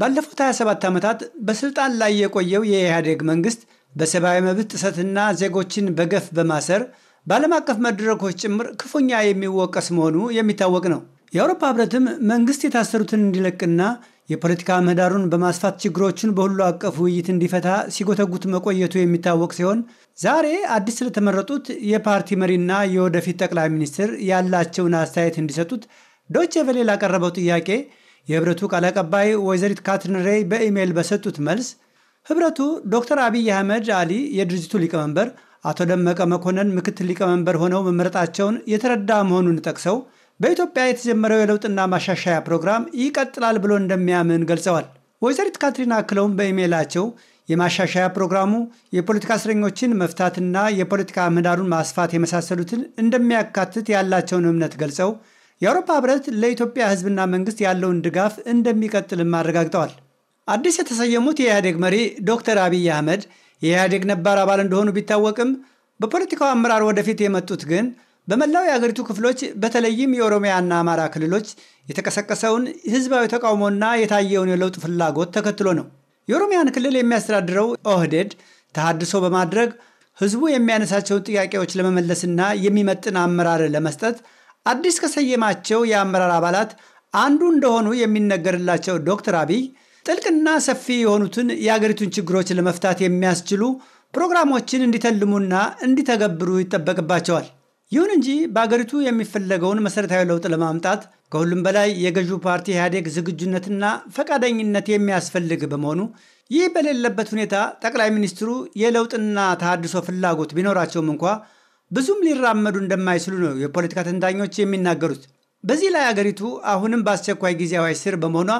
ባለፉት 27 ዓመታት በስልጣን ላይ የቆየው የኢህአዴግ መንግስት በሰብአዊ መብት ጥሰትና ዜጎችን በገፍ በማሰር በዓለም አቀፍ መድረኮች ጭምር ክፉኛ የሚወቀስ መሆኑ የሚታወቅ ነው። የአውሮፓ ህብረትም መንግስት የታሰሩትን እንዲለቅና የፖለቲካ ምህዳሩን በማስፋት ችግሮችን በሁሉ አቀፍ ውይይት እንዲፈታ ሲጎተጉት መቆየቱ የሚታወቅ ሲሆን ዛሬ አዲስ ስለተመረጡት የፓርቲ መሪና የወደፊት ጠቅላይ ሚኒስትር ያላቸውን አስተያየት እንዲሰጡት ዶች ቬለ ላቀረበው ጥያቄ የህብረቱ ቃል አቀባይ ወይዘሪት ካትሪን ሬይ በኢሜይል በሰጡት መልስ ህብረቱ ዶክተር አብይ አህመድ አሊ የድርጅቱ ሊቀመንበር፣ አቶ ደመቀ መኮንን ምክትል ሊቀመንበር ሆነው መመረጣቸውን የተረዳ መሆኑን ጠቅሰው በኢትዮጵያ የተጀመረው የለውጥና ማሻሻያ ፕሮግራም ይቀጥላል ብሎ እንደሚያምን ገልጸዋል። ወይዘሪት ካትሪን አክለውም በኢሜይላቸው የማሻሻያ ፕሮግራሙ የፖለቲካ እስረኞችን መፍታትና የፖለቲካ ምህዳሩን ማስፋት የመሳሰሉትን እንደሚያካትት ያላቸውን እምነት ገልጸው የአውሮፓ ህብረት ለኢትዮጵያ ህዝብና መንግስት ያለውን ድጋፍ እንደሚቀጥልም አረጋግጠዋል። አዲስ የተሰየሙት የኢህአዴግ መሪ ዶክተር አብይ አህመድ የኢህአዴግ ነባር አባል እንደሆኑ ቢታወቅም በፖለቲካው አመራር ወደፊት የመጡት ግን በመላው የአገሪቱ ክፍሎች በተለይም የኦሮሚያና አማራ ክልሎች የተቀሰቀሰውን ህዝባዊ ተቃውሞና የታየውን የለውጥ ፍላጎት ተከትሎ ነው። የኦሮሚያን ክልል የሚያስተዳድረው ኦህዴድ ተሃድሶ በማድረግ ህዝቡ የሚያነሳቸውን ጥያቄዎች ለመመለስና የሚመጥን አመራር ለመስጠት አዲስ ከሰየማቸው የአመራር አባላት አንዱ እንደሆኑ የሚነገርላቸው ዶክተር አብይ ጥልቅና ሰፊ የሆኑትን የአገሪቱን ችግሮች ለመፍታት የሚያስችሉ ፕሮግራሞችን እንዲተልሙና እንዲተገብሩ ይጠበቅባቸዋል። ይሁን እንጂ በአገሪቱ የሚፈለገውን መሠረታዊ ለውጥ ለማምጣት ከሁሉም በላይ የገዢው ፓርቲ ኢህአዴግ ዝግጁነትና ፈቃደኝነት የሚያስፈልግ በመሆኑ ይህ በሌለበት ሁኔታ ጠቅላይ ሚኒስትሩ የለውጥና ተሃድሶ ፍላጎት ቢኖራቸውም እንኳ ብዙም ሊራመዱ እንደማይችሉ ነው የፖለቲካ ተንታኞች የሚናገሩት። በዚህ ላይ አገሪቱ አሁንም በአስቸኳይ ጊዜ አዋጅ ስር በመሆኗ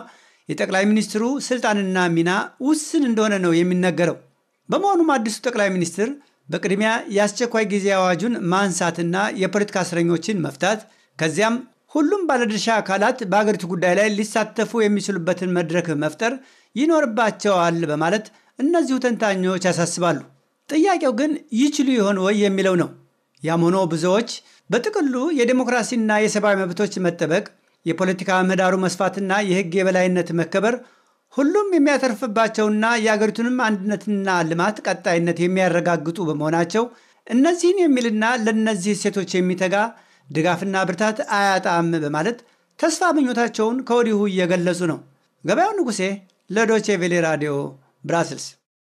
የጠቅላይ ሚኒስትሩ ስልጣንና ሚና ውስን እንደሆነ ነው የሚነገረው። በመሆኑም አዲሱ ጠቅላይ ሚኒስትር በቅድሚያ የአስቸኳይ ጊዜ አዋጁን ማንሳትና የፖለቲካ እስረኞችን መፍታት ከዚያም ሁሉም ባለድርሻ አካላት በአገሪቱ ጉዳይ ላይ ሊሳተፉ የሚችሉበትን መድረክ መፍጠር ይኖርባቸዋል በማለት እነዚሁ ተንታኞች ያሳስባሉ። ጥያቄው ግን ይችሉ ይሆን ወይ የሚለው ነው። ያም ሆኖ ብዙዎች በጥቅሉ የዴሞክራሲና የሰብአዊ መብቶች መጠበቅ፣ የፖለቲካ ምህዳሩ መስፋትና የህግ የበላይነት መከበር ሁሉም የሚያተርፍባቸውና የአገሪቱንም አንድነትና ልማት ቀጣይነት የሚያረጋግጡ በመሆናቸው እነዚህን የሚልና ለነዚህ ሴቶች የሚተጋ ድጋፍና ብርታት አያጣም በማለት ተስፋ ምኞታቸውን ከወዲሁ እየገለጹ ነው። ገበያው ንጉሴ ለዶቼ ቬሌ ራዲዮ ብራስልስ